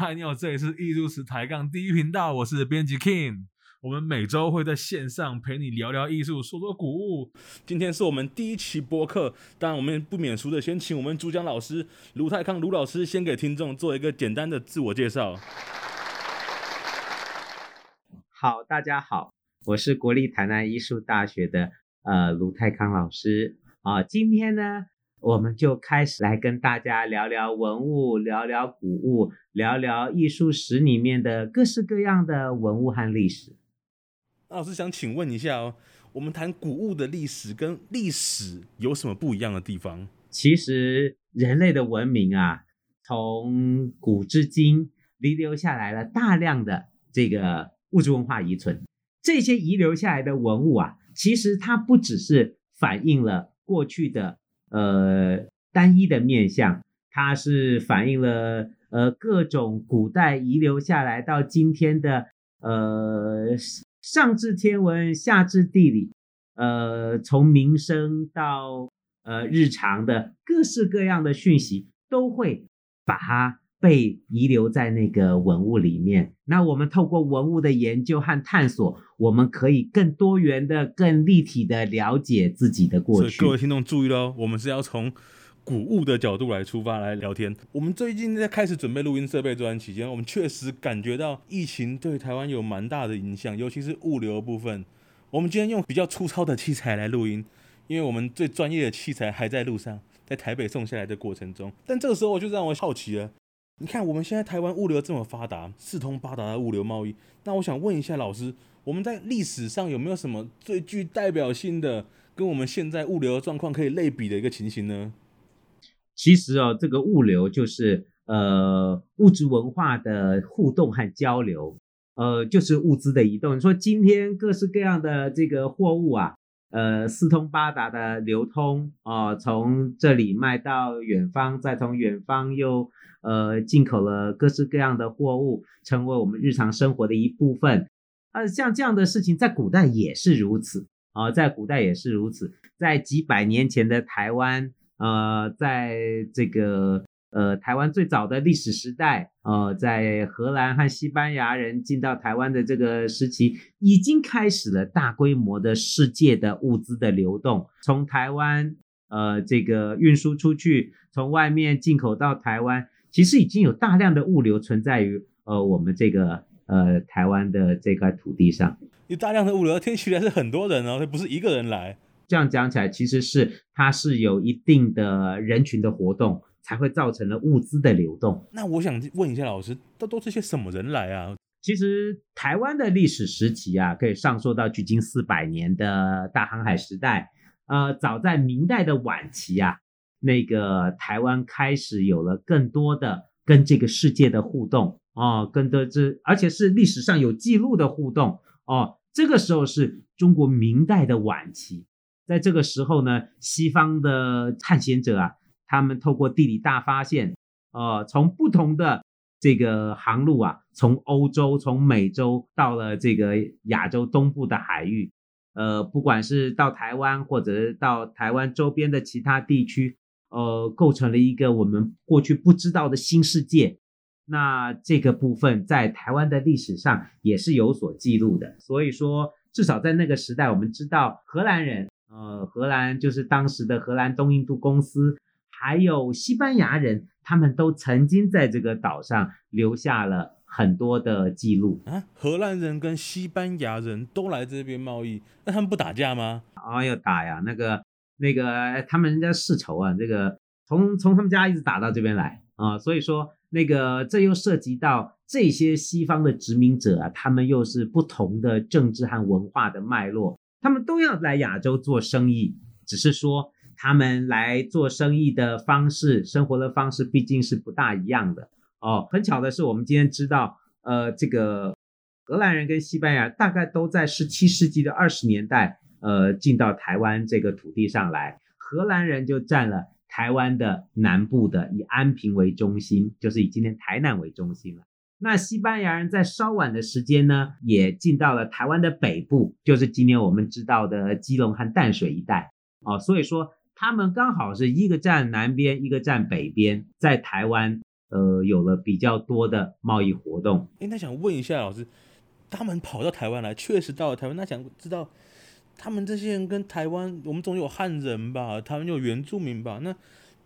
嗨，你好！這裡是藝術史抬槓第一頻道，我是編輯 King。我們每周會在線上陪你聊聊藝術，說說古物。今天是我們第一期播客，當然我們不免俗的先請我們主講老師盧泰康盧老師先給聽眾做一個簡單的自我介紹。好，大家好，我是國立台南藝術大學的呃盧泰康老師啊，呃，今天呢。我們就開始來跟大家聊聊文物，聊聊古物，聊聊藝術史裡面的各式各樣的文物和歷史。那我是想請問一下哦，我們談古物的歷史跟歷史有什麼不一樣的地方？其實人類的文明啊，從古至今遺留下來了大量的這個物質文化遺存，這些遺留下來的文物啊，其實它不只是反映了過去的。呃，單一的面相，它是反映了呃各種古代遺留下來到今天的呃上至天文，下至地理，呃從民生到呃日常的各式各樣的訊息，都會把它。被遺留在那個文物裡面。那我們透過文物的研究和探索，我們可以更多元的、更立體的了解自己的過去。所以各位聽眾注意嘍，我們是要從古物的角度來出發來聊天。我們最近在開始準備錄音設備，這段期間我們確實感覺到疫情對台灣有蠻大的影響，尤其是物流部分。我們今天用比較粗糙的器材來錄音，因為我們最專業的器材還在路上，在台北送下來的過程中。但這個時候就讓我好奇了。你看，我們現在台灣物流這麼發達，四通八達的物流貿易。那我想問一下老師，我們在歷史上有沒有什麼最具代表性的跟我們現在物流狀況可以類比的一個情形呢？其實啊，這個物流就是呃物質文化的互動和交流，呃，就是物資的移動。你說今天各式各樣的這個貨物啊。呃，四通八達的流通啊，從、呃、這裡賣到遠方，再從遠方又呃進口了各式各樣的貨物，成為我們日常生活的一部分。啊、呃，像這樣的事情在古代也是如此啊、呃，在古代也是如此，在幾百年前的台灣，呃，在這個。呃，台灣最早的歷史時代，呃，在荷蘭和西班牙人進到台灣的這個時期，已經開始了大規模的世界的物資的流動，從台灣呃這個運輸出去，從外面進口到台灣，其實已經有大量的物流存在於呃我們這個呃台灣的這塊土地上。有大量的物流，聽起來是很多人哦，它不是一個人來。這樣講起來，其實是它是有一定的人群的活動。才會造成了物資的流動。那我想問一下老師，都都是些什麼人來啊？其實台灣的歷史時期啊，可以上溯到距今四百年的大航海時代。呃，早在明代的晚期啊，那個台灣開始有了更多的跟這個世界的互動啊，跟多這而且是歷史上有記錄的互動哦、呃。這個時候是中國明代的晚期，在這個時候呢，西方的探險者啊。他們透過地理大發現，呃，從不同的這個航路啊，從歐洲、從美洲到了這個亞洲東部的海域，呃，不管是到台灣，或者是到台灣周邊的其他地區，呃，構成了一個我們過去不知道的新世界。那這個部分在台灣的歷史上也是有所記錄的。所以說，至少在那個時代，我們知道荷蘭人，呃，荷蘭就是當時的荷蘭東印度公司。還有西班牙人，他們都曾經在這個島上留下了很多的記錄。啊，荷蘭人跟西班牙人都來這邊貿易，那他們不打架嗎？啊，要打呀，那個那個、哎，他們人家世仇啊，這個從從他們家一直打到這邊來啊，所以說那個這又涉及到這些西方的殖民者啊，他們又是不同的政治和文化的脈絡，他們都要來亞洲做生意，只是說。他們來做生意的方式，生活的方式畢竟是不大一樣的哦。很巧的是，我們今天知道，呃，這個荷蘭人跟西班牙大概都在十七世紀的二十年代，呃，進到台灣這個土地上來。荷蘭人就佔了台灣的南部的，以安平為中心，就是以今天台南為中心了。那西班牙人在稍晚的時間呢，也進到了台灣的北部，就是今天我們知道的基隆和淡水一帶哦。所以說。他們剛好是一個站南邊，一個站北邊，在台灣，呃，有了比較多的貿易活動。誒，那想問一下老師，他們跑到台灣來，確實到了台灣。那想知道，他們這些人跟台灣，我們總有漢人吧，他們有原住民吧？那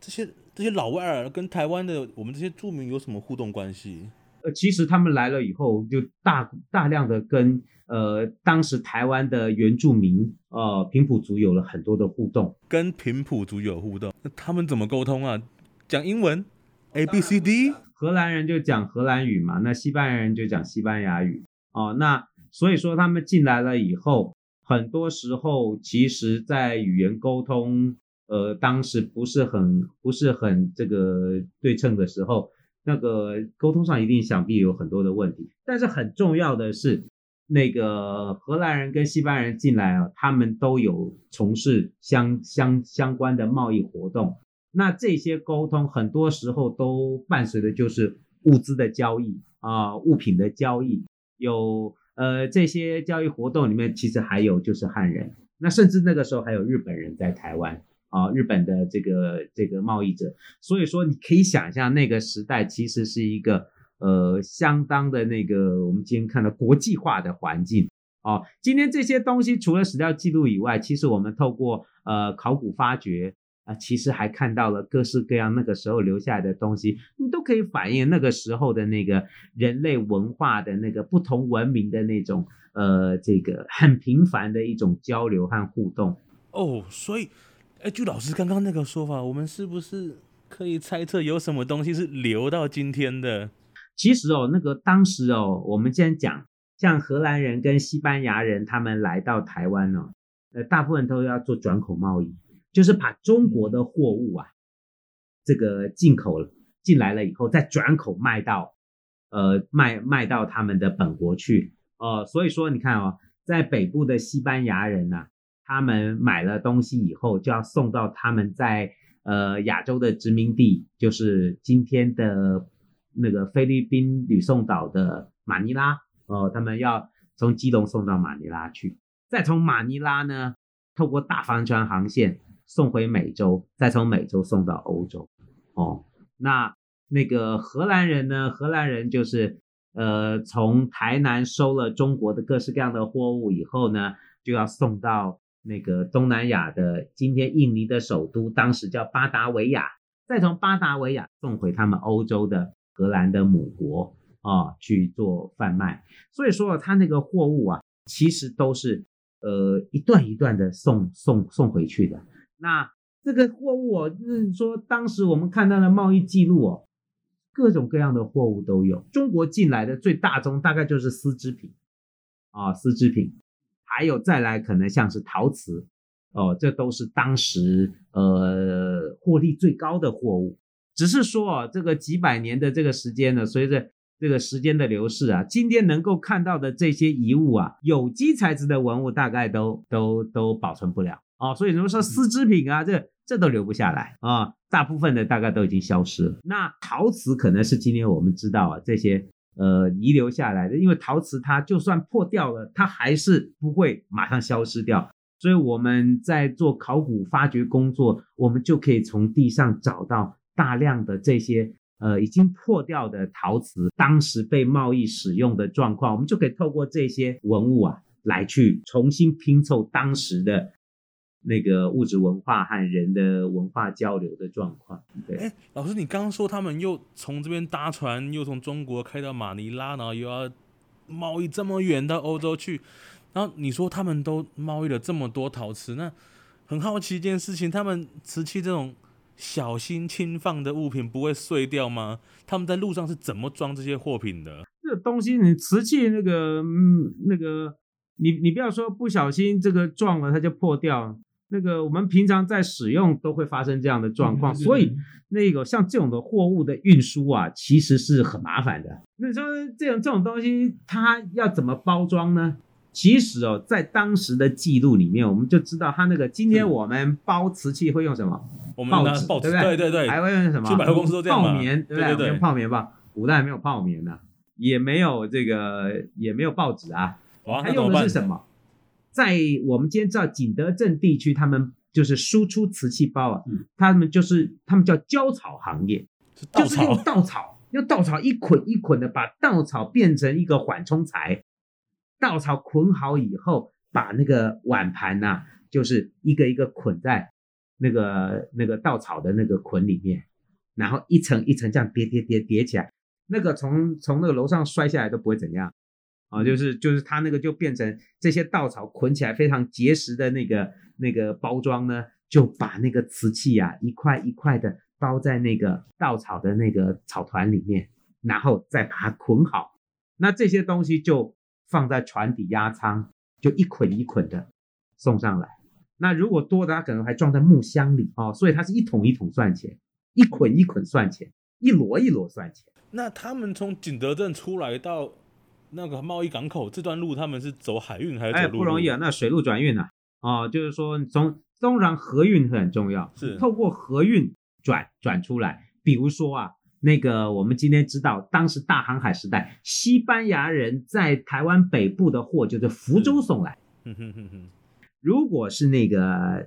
這些這些老外跟台灣的我們這些住民有什麼互動關係？呃，其實他們來了以後，就大大量的跟呃當時台灣的原住民，呃平埔族有了很多的互動，跟平埔族有互動，那他們怎麼溝通啊？講英文？A B C D？哦，荷蘭人就講荷蘭語嘛，那西班牙人就講西班牙語啊，哦，那所以說他們進來了以後，很多時候其實，在語言溝通，呃當時不是很不是很這個對稱的時候。那個溝通上一定想必有很多的問題，但是很重要的是，那個荷蘭人跟西班牙人進來啊，他們都有從事相相相關的貿易活動。那這些溝通很多時候都伴隨的就是物資的交易啊，呃，物品的交易。有呃這些交易活動裡面，其實還有就是漢人，那甚至那個時候還有日本人在台灣。啊、哦，日本的這個這個貿易者，所以說你可以想象，那個時代其實是一個呃相當的那個我們今天看到的國際化的環境哦。今天這些東西除了史料記錄以外，其實我們透過呃考古發掘啊、呃，其實還看到了各式各樣那個時候留下來的東西，你都可以反映那個時候的那個人類文化的那個不同文明的那種呃這個很頻繁的一種交流和互動哦，oh, 所以。哎，就老師剛剛那個說法，我們是不是可以猜測有什麼東西是留到今天的？其實哦，那個當時哦，我們先講，像荷蘭人跟西班牙人他們來到台灣呢，呃，大部分都要做轉口貿易，就是把中國的貨物啊，這個進口進來了以後，再轉口賣到，呃，賣賣到他們的本國去。哦、呃，所以說你看哦，在北部的西班牙人吶、啊。他們買了東西以後，就要送到他們在呃亞洲的殖民地，就是今天的那個菲律賓呂宋島的馬尼拉。哦、呃，他們要從基隆送到馬尼拉去，再從馬尼拉呢，透過大帆船航線送回美洲，再從美洲送到歐洲。哦，那那個荷蘭人呢？荷蘭人就是呃，從台南收了中國的各式各樣的貨物以後呢，就要送到。那個東南亞的，今天印尼的首都當時叫巴達維亞，再從巴達維亞送回他們歐洲的荷蘭的母國啊去做販賣，所以說他那個貨物啊，其實都是呃一段一段的送送送回去的。那這個貨物哦、啊，就是說當時我們看到的貿易記錄哦、啊，各種各樣的貨物都有，中國進來的最大宗大概就是絲織品啊，絲織品。還有再來可能像是陶瓷，哦，這都是當時呃獲利最高的貨物。只是說、哦、這個幾百年的這個時間呢，隨着這個時間的流逝啊，今天能夠看到的這些遺物啊，有機材質的文物大概都都都保存不了啊、哦。所以怎麼說，絲織品啊，嗯、這這都留不下來啊、哦，大部分的大概都已經消失了。那陶瓷可能是今天我們知道啊，這些。呃，遺留下來的，因為陶瓷它就算破掉了，它還是不會馬上消失掉，所以我們在做考古發掘工作，我們就可以從地上找到大量的這些呃已經破掉的陶瓷，當時被貿易使用的狀況，我們就可以透過這些文物啊來去重新拼湊當時的。那個物質文化和人的文化交流的狀況。對，哎，老師，你剛說他們又從這邊搭船，又從中國開到馬尼拉，然後又要貿易這麼遠到歐洲去，然後你說他們都貿易了這麼多陶瓷，那很好奇一件事情，他們瓷器這種小心輕放的物品不會碎掉嗎？他們在路上是怎麼裝這些貨品的？這個東西，你瓷器那個，嗯，那個，你你不要說不小心這個撞了它就破掉了。那個我們平常在使用都會發生這樣的狀況，所以那個像這種的貨物的運輸啊，其實是很麻煩的。那說這種這種東西，它要怎麼包裝呢？其實哦，在當時的記錄裡面，我們就知道它那個。今天我們包瓷器會用什麼？我們的報紙，對不對？對對對，還會用什麼？出版社公司都這樣。泡棉，對不對？對對對，泡棉吧。古代沒有泡棉的、啊，也沒有這個，也沒有報紙啊。他用的是什麼？在我們今天知道景德鎮地區，他們就是輸出瓷器包啊，嗯、他們就是他們叫茭草行業，草就是用稻草，用稻草一捆一捆的把稻草變成一個緩衝材，稻草捆好以後，把那個碗盤吶、啊，就是一個一個捆在那個那個稻草的那個捆裡面，然後一層一層這樣疊疊疊疊，疊起來，那個從從那個樓上摔下來都不會怎樣。啊、哦，就是就是他那個就變成這些稻草捆起來非常結實的那個那個包裝呢，就把那個瓷器呀、啊、一塊一塊的包在那個稻草的那個草團裡面，然後再把它捆好。那這些東西就放在船底壓艙，就一捆一捆的送上來。那如果多的，他可能還裝在木箱裡哦。所以它是一桶一桶算錢，一捆一捆算錢，一捆一捆算錢，一摞一摞算錢。那他們從景德鎮出來到。那個貿易港口，這段路他們是走海運還是走陸運？哎，不容易啊！那水路轉運吶、啊，啊、哦，就是說從當然河運很重要，是透過河運轉轉出來。比如說啊，那個我們今天知道，當時大航海時代，西班牙人在台灣北部的貨就是福州送來。哼哼哼哼，如果是那個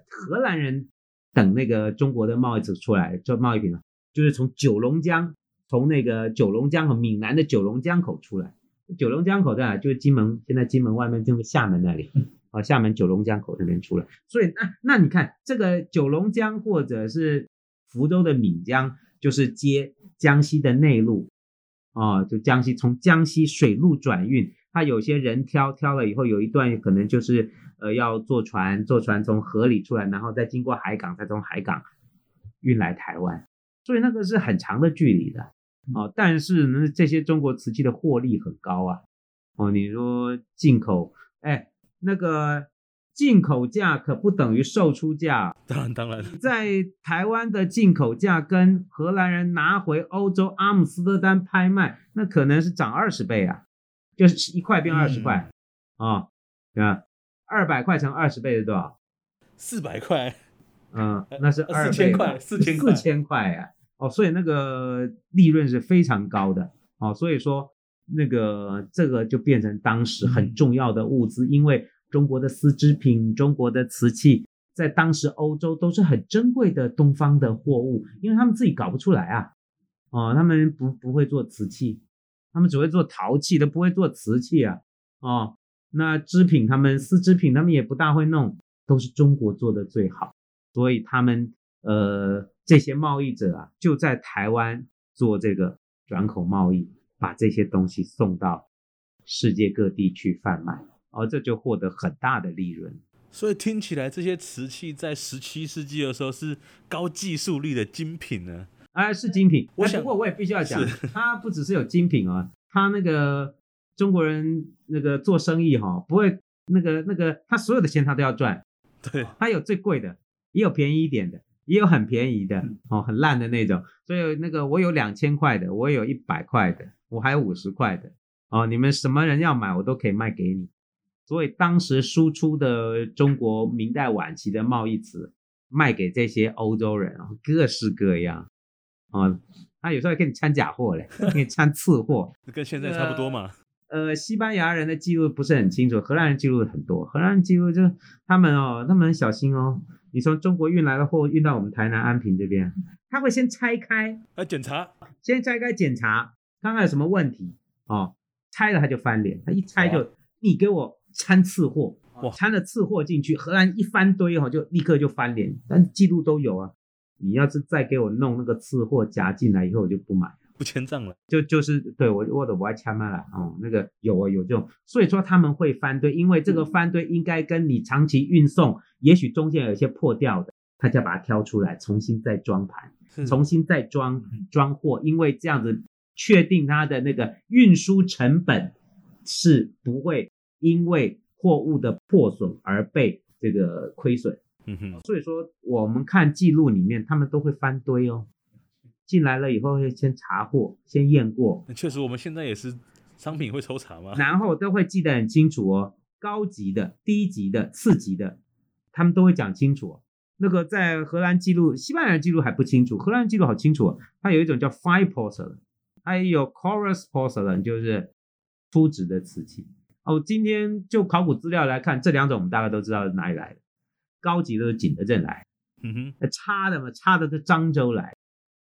荷蘭人等那個中國的貿易走出來，這貿易品了，就是從九龍江，從那個九龍江和閩南的九龍江口出來。九龍江口在哪？就是金門，現在金門外面就是廈門那裡，啊，廈門九龍江口這邊出來。所以那那你看這個九龍江或者是福州的閩江，就是接江西的內陸，啊、哦，就江西從江西水路轉運，他有些人挑挑了以後，有一段可能就是呃要坐船，坐船從河裡出來，然後再經過海港，再從海港運來台灣。所以那個是很長的距離的。哦，但是呢，這些中國瓷器的獲利很高啊！哦，你說進口，哎、欸，那個進口價可不等於售出價。當然，當然，在台灣的進口價跟荷蘭人拿回歐洲阿姆斯特丹拍賣，那可能是漲二十倍啊，就是一塊變二十塊啊，對吧、嗯？二百塊乘二十倍是多少？四百塊。嗯，那是二千塊，四千四千塊呀。4, 哦，所以那個利潤是非常高的哦，所以說那個這個就變成當時很重要的物資，因為中國的絲織品、中國的瓷器在當時歐洲都是很珍貴的東方的貨物，因為他們自己搞不出來啊，哦，他們不不會做瓷器，他們只會做陶器，都不會做瓷器啊，哦，那織品他們絲織品他們也不大會弄，都是中國做的最好，所以他們。呃，這些貿易者啊，就在台灣做這個轉口貿易，把這些東西送到世界各地去販賣，而、哦、這就獲得很大的利潤。所以聽起來，這些瓷器在十七世紀的時候是高技術力的精品呢？啊？哎、呃，是精品。我想，不過我也必須要講，是它不只是有精品啊，它那個中國人那個做生意哈、哦，不會那個那個，他所有的錢他都要賺。對，他有最貴的，也有便宜一點的。也有很便宜的、嗯、哦，很爛的那種。所以那個我有兩千塊的，我有一百塊的，我還有五十塊的哦。你們什麼人要買，我都可以賣給你。所以當時輸出的中國明代晚期的貿易瓷，賣給這些歐洲人啊、哦，各式各樣。哦，他有時候還給你摻假貨嘞，給你摻次貨， 跟現在差不多嘛。呃呃，西班牙人的記錄不是很清楚，荷蘭人的記錄很多。荷蘭人記錄就是他們哦，他們很小心哦。你從中國運來的貨運到我們台南安平這邊，他會先拆開來檢查，先拆開檢查，看看有什麼問題哦。拆了他就翻臉，他一拆就、哦、你給我摻次貨，摻了次貨進去，荷蘭一翻堆哦，就立刻就翻臉。但記錄都有啊，你要是再給我弄那個次貨夾進來以後，我就不買。不全賬了，就就是對我我的我還簽單了哦、嗯。那個有啊，有這種，所以說他們會翻堆，因為這個翻堆應該跟你長期運送，嗯、也許中間有一些破掉的，他就把它挑出來，重新再裝盤，重新再裝是裝貨，因為這樣子確定他的那個運輸成本是不會因為貨物的破損而被這個虧損。嗯哼，所以說我們看記錄裡面，他們都會翻堆哦。進來了以後會先查貨，先驗過。確實，我們現在也是商品會抽查嗎？然後都會記得很清楚哦。高級的、低級的、次級的，他們都會講清楚哦。那個在荷蘭記錄、西班牙記錄還不清楚，荷蘭記錄好清楚哦。它有一種叫 fine porcelain，還有 coarse porcelain，就是粗質的瓷器。哦，今天就考古資料來看，這兩種我們大概都知道是哪裡來的。高級都是景德鎮來，嗯哼，差的嘛，差的都漳州來。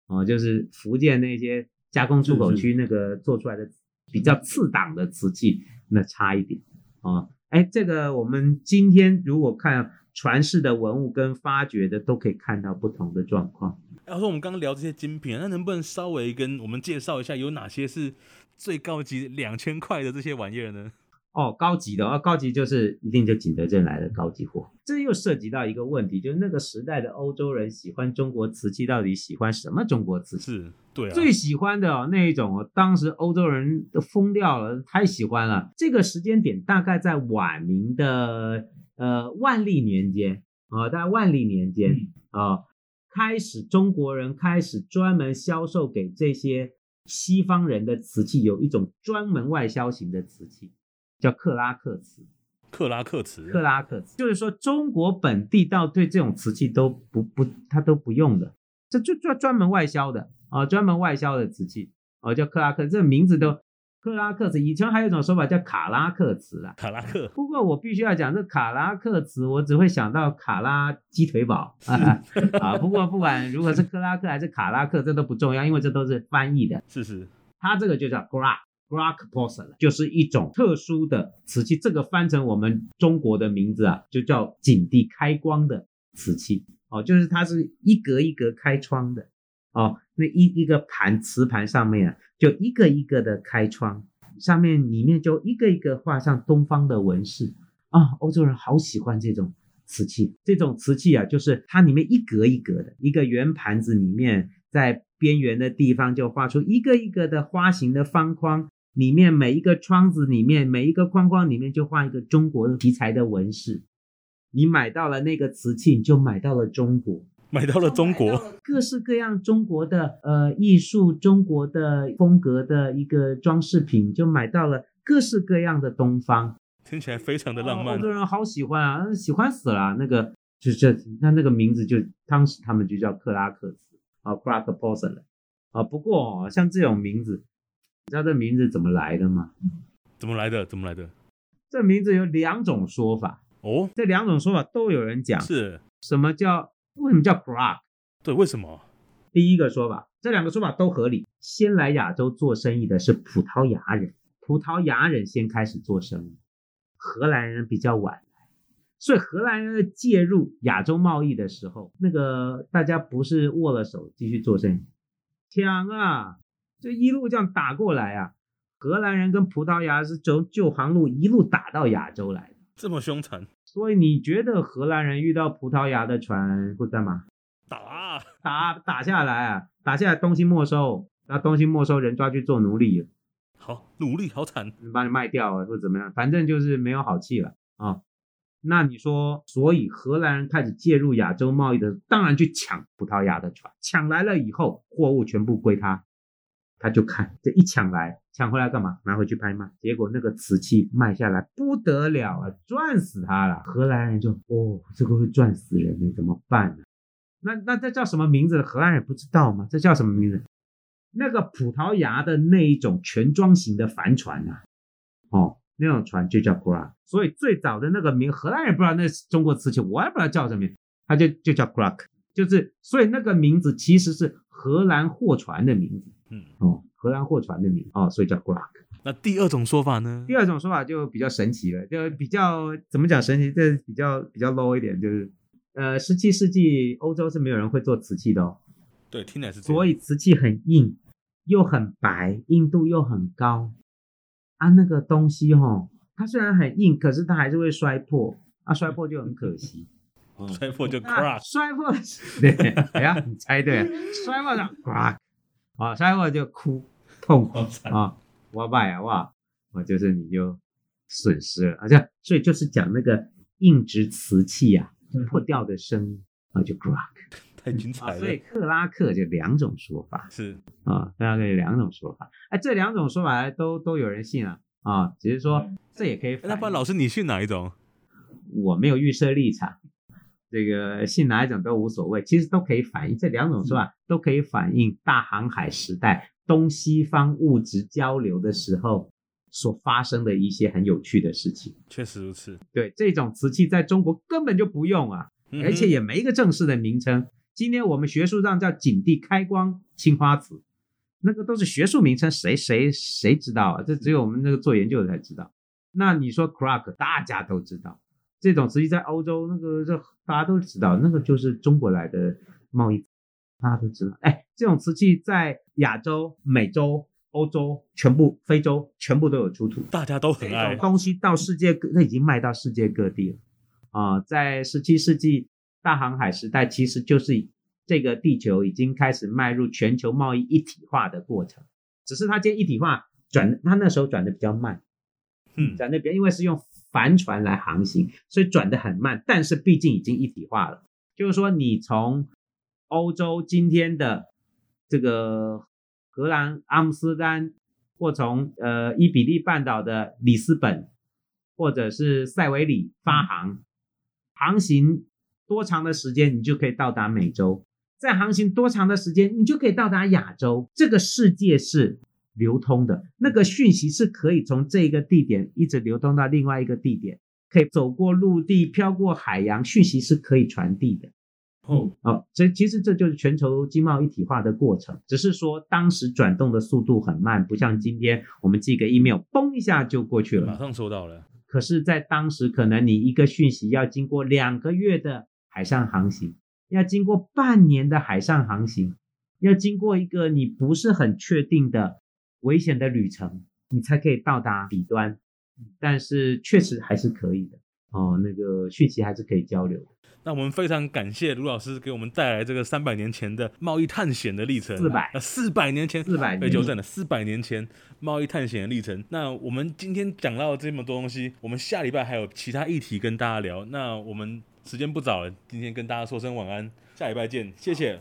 哦，就是福建那些加工出口區那個做出來的比較次檔的瓷器，是是那差一點。哦，哎，這個我們今天如果看傳世的文物跟發掘的，都可以看到不同的狀況。要、哎、說我們剛剛聊這些精品，那能不能稍微跟我們介紹一下有哪些是最高級兩千塊的這些玩意兒呢？哦，高級的哦、啊，高級就是一定就景德鎮來的高級貨。這又涉及到一個問題，就是那個時代的歐洲人喜歡中國瓷器，到底喜歡什麼中國瓷器？是對、啊，最喜歡的、哦、那一種，當時歐洲人都瘋掉了，太喜歡了。這個時間點大概在晚明的呃萬曆年間啊，在、哦、萬曆年間啊、嗯哦，開始中國人開始專門銷售給這些西方人的瓷器，有一種專門外銷型的瓷器。叫克拉克瓷，克拉克瓷，克拉克瓷，就是說中國本地到對這種瓷器都不不，它都不用的，這就專專門外銷的啊、呃，專門外銷的瓷器哦、呃，叫克拉克，這名字都克拉克瓷，以前還有一種說法叫卡拉克瓷啦，卡拉克。不過我必須要講，這卡拉克瓷，我只會想到卡拉雞腿堡是啊 啊！不過不管如果是克拉克還是卡拉克，是這都不重要，因為這都是翻譯的，事實是，它這個就叫克拉。Kraak porcelain 就是一種特殊的瓷器，這個翻成我們中國的名字啊，就叫景地開光的瓷器哦，就是它是一格一格開窗的哦，那一一,一個盤瓷盤上面啊，就一個一個的開窗，上面裡面就一個一個畫上東方的紋飾啊，歐洲人好喜歡這種瓷器，這種瓷器啊，就是它裡面一格一格的，一個圓盤子裡面在邊緣的地方就畫出一個一個的花形的方框。裡面每一個窗子裡面，每一個框框裡面就畫一個中國的題材的紋飾，你買到了那個瓷器，你就買到了中國，買到了中國，就各式各樣中國的呃藝術、中國的風格的一個裝飾品，就買到了各式各樣的東方，聽起來非常的浪漫。很多、哦、人好喜歡啊，喜歡死了、啊、那個，就這那那個名字就當時他們就叫克拉克斯啊克拉克波斯了啊。不過、哦、像這種名字。你知道這名字怎麼來的嗎？怎麼來的？怎麼來的？這名字有兩種說法哦。這兩種說法都有人講。是。什麼叫，為什麼叫 Brac？對，為什麼？第一個說法，這兩個說法都合理。先來亞洲做生意的是葡萄牙人，葡萄牙人先開始做生意，荷蘭人比較晚，所以荷蘭人介入亞洲貿易的時候，那個大家不是握了手繼續做生意，強啊！這一路這樣打過來啊，荷蘭人跟葡萄牙是走舊航路一路打到亞洲來的，這麼凶殘。所以你覺得荷蘭人遇到葡萄牙的船會幹嘛？打啊，打啊，打下來啊，打下來東西沒收，那東西沒收，人抓去做奴隸。好，奴隸好慘，你把你賣掉啊，或者怎麼樣，反正就是沒有好氣了啊。哦。那你說，所以荷蘭人開始介入亞洲貿易的，當然去搶葡萄牙的船，搶來了以後，貨物全部歸他。他就看這一搶來搶回來幹嘛？拿回去拍賣，結果那個瓷器賣下來不得了啊，賺死他了！荷蘭人就哦，這個會賺死人的，怎麼辦呢？那那這叫什麼名字？荷蘭人不知道嗎？這叫什麼名字？那個葡萄牙的那一種全裝型的帆船啊，哦，那種船就叫 grack，所以最早的那個名荷蘭人不知道那是中國瓷器，我也不知道叫什麼名，他就就叫 grack，就是所以那個名字其實是荷蘭貨船的名字。嗯哦，荷蘭貨船的名哦，所以叫 Glock 那第二種說法呢？第二種說法就比較神奇了，就比較怎麼講神奇？這、就是、比較比較 low 一點，就是呃，十七世紀歐洲是沒有人會做瓷器的哦。對，聽起來是這樣。所以瓷器很硬，又很白，硬度又很高。啊，那個東西吼，它雖然很硬，可是它還是會摔破。啊，摔破就很可惜。嗯、摔破就 crush、啊。摔破了。對 哎、呀，你猜對了。 摔破了 Glock 啊，所一會就哭，痛哭啊慘、哦！我買啊，哇！我就是你就損失了，而、啊、且所以就是講那個硬質瓷器啊，嗯、哼破掉的聲音啊，就克拉克，太精彩了、啊。所以克拉克就兩種說法是啊，克拉克有兩種說法，哎是、啊欸，這兩種說法都都有人信啊啊，只是說這也可以、欸、那不然老師，你信哪一種？我沒有預設立場。這個信哪一種都無所謂，其實都可以反映這兩種是吧？嗯、都可以反映大航海時代東西方物質交流的時候所發生的一些很有趣的事情。確實如此。對，這種瓷器在中國根本就不用啊，嗯、哼而且也沒一個正式的名稱。今天我們學術上叫景德開光青花瓷，那個都是學術名稱，誰誰誰知道啊？這只有我們那個做研究的才知道。那你說 Crack，大家都知道。這種瓷器在歐洲，那個這大家都知道，那個就是中國來的貿易，大家都知道。哎，這種瓷器在亞洲、美洲、歐洲全部、非洲全部都有出土，大家都很愛、哦。東西到世界，它已經賣到世界各地了。啊、呃，在十七世紀大航海時代，其實就是這個地球已經開始邁入全球貿易一體化的過程，只是它這一體化轉，它那時候轉的比較慢。嗯，轉的比較，因為是用。帆船來航行，所以轉得很慢，但是畢竟已經一體化了。就是說，你從歐洲今天的這個荷蘭阿姆斯丹，或從呃伊比利半島的里斯本，或者是塞維利發航，航行多長的時間，你就可以到達美洲；再航行多長的時間，你就可以到達亞洲。這個世界是。流通的那個訊息是可以從這個地點一直流通到另外一個地點，可以走過陸地、飄過海洋，訊息是可以傳遞的。哦哦，這其實這就是全球經貿一體化的過程，只是說當時轉動的速度很慢，不像今天我們寄個 email，嘣，一下就過去了，馬上收到了。可是，在當時可能你一個訊息要經過兩個月的海上航行，要經過半年的海上航行，要經過一個你不是很確定的。危險的旅程，你才可以到達彼端，但是確實還是可以的哦。那個訊息還是可以交流。那我們非常感謝盧老師給我們帶來這個三百年前的貿易探險的歷程。四百，呃，四百年前，四百被糾正了，四百年前貿易探險的歷程。那我們今天講到這麼多東西，我們下禮拜還有其他議題跟大家聊。那我們時間不早了，今天跟大家說聲晚安，下禮拜見，謝謝。